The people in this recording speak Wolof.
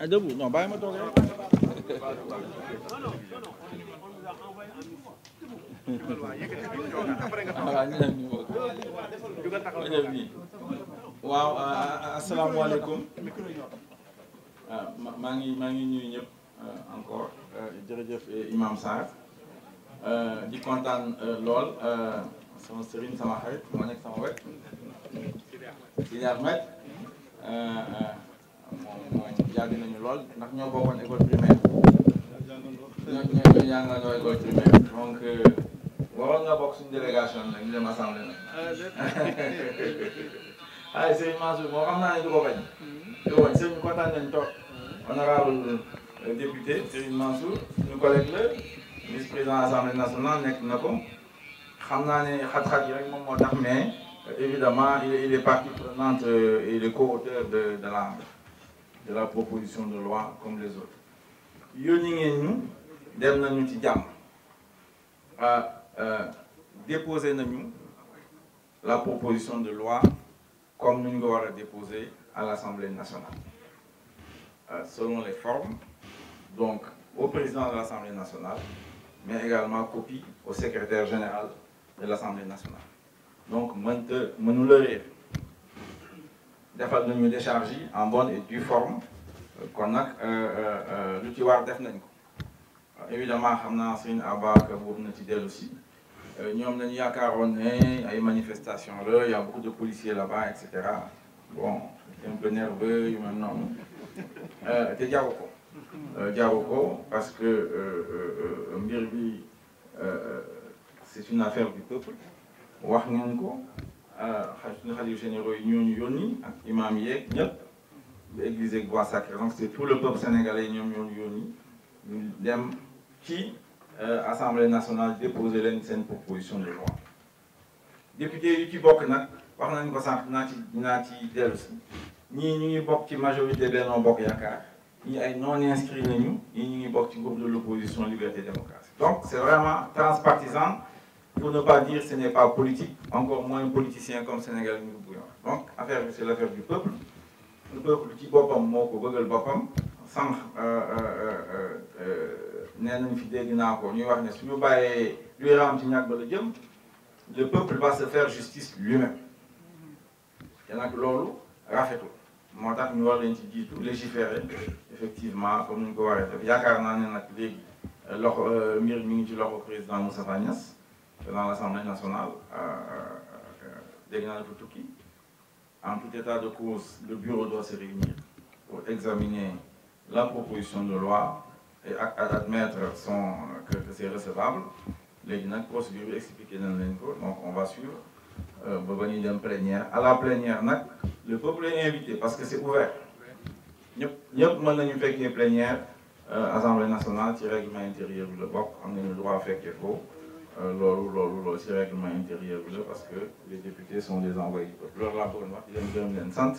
ah debout non bàyyi ah, ma toog rek. waaw asalaamaaleykum. maa ngi maa ngi ñuy ñëpp ah, encore ah, jërëjëf eh, Imam Sarr di kontaan lool sama sëriñ sama xarit moo nekk sama wet Sidi Ahmed yàgg nañu lool ndax ñoo bokkoon école primaire ñoo ñoo jàngandoo école primaire donc euh, waroon nga bokk suñu délégation nag ñu dem assemblée nag ah, ay sëñ Mansour moo xam naa ne du ko bañ mm-hmm. du ko bañ sëñ bi kontaan nañ toog mm-hmm. honorable euh, député sëñ Mansour suñu collègue la vice président assemblée nationale nekk na ko xam naa ne xat-xat yi rek moom moo tax mais évidemment il est il est partie prenante euh, il est co-auteur de de la de la proposition de loi comme les autres yónni ngeen ñu dem nañu ci jàmm euh, euh, déposer nañu la proposition de loi comme nu ñu ko war a déposer à l'Assemblée nationale euh, selon les formes donc au président de l'Assemblée nationale mais également copie au secrétaire général de l'Assemblée nationale donc mënta mënu la defal nañu décharge yi en bonne et due forme kon nag euh, euh, euh, lu ci war def nañ ko évidemment xam naa Serigne Abba boobu na ci dellu si ñoom nañu yaakaaroon ne ay manifestation la y a beaucoup de policiers là-bas et cetera bon un peu nerveux yu mel noonu te jaru ko parce que mbir bi c'est une affaire du peuple wax ngeen ko suñu xalif généraux yi ñooñu yónni ak imam yeeg ñëpp bu église ak voie sacrée donc c'est tout le peuple sénégalais ñoom ñooñu yónni ñu dem ci euh, assemblée nationale déposer leen seen proposition de loi député yu ci bokk nag wax nañ ko sànq naa ci naa ci dellu si ñii ñu ngi bokk ci majorité Benno Bokk Yaakaar ñii ay non inscrits nañu ñii ñu ngi bokk ci groupe de l'opposition liberté démocratie donc c'est vraiment transpartisan pour ne pas dire ce n'est pas politique, encore moins politicien comme Sénégal ñu bëgg wax donc affaire bi c'est l'affaire du peuple le peuple ci boppam moo ko bëggal boppam sànq euh, euh, euh, nee nañ fi dégg naa ko ñuy wax ne suñu bàyyee luy raam ci ñàkk ba la jëm le peuple va se faire justice lui-même te nag loolu rafetul moo tax ñu war leen ci jiitu légiférer effectivement comme ni ñu ko waree def yaakaar naa ne nag léegi loxo mbir mi ngi ci loxo président Moussa devant l'Assemblée nationale dégg naa dafa tukki en tout état de cause de bureau doit se réunir pour examiner la proposition de loi et admettre son que, que c'est recevable léegi nag procédure bi expliqué nañ ko donc on va suivre ba ba ñuy dem plénière à la plénière nag le peuple est invité parce que c'est ouvert ñëpp ñëpp mën nañu fekkee plénière euh, assemblée nationale ci règlement intérieur bi la bokk am nañu droit fekkee ko Euh, loolu loolu loolu ci règlement intérieur bi la parce que les députés sont des envoyés du peuple loolu laa bëggoon wax yéen gërëm leen sant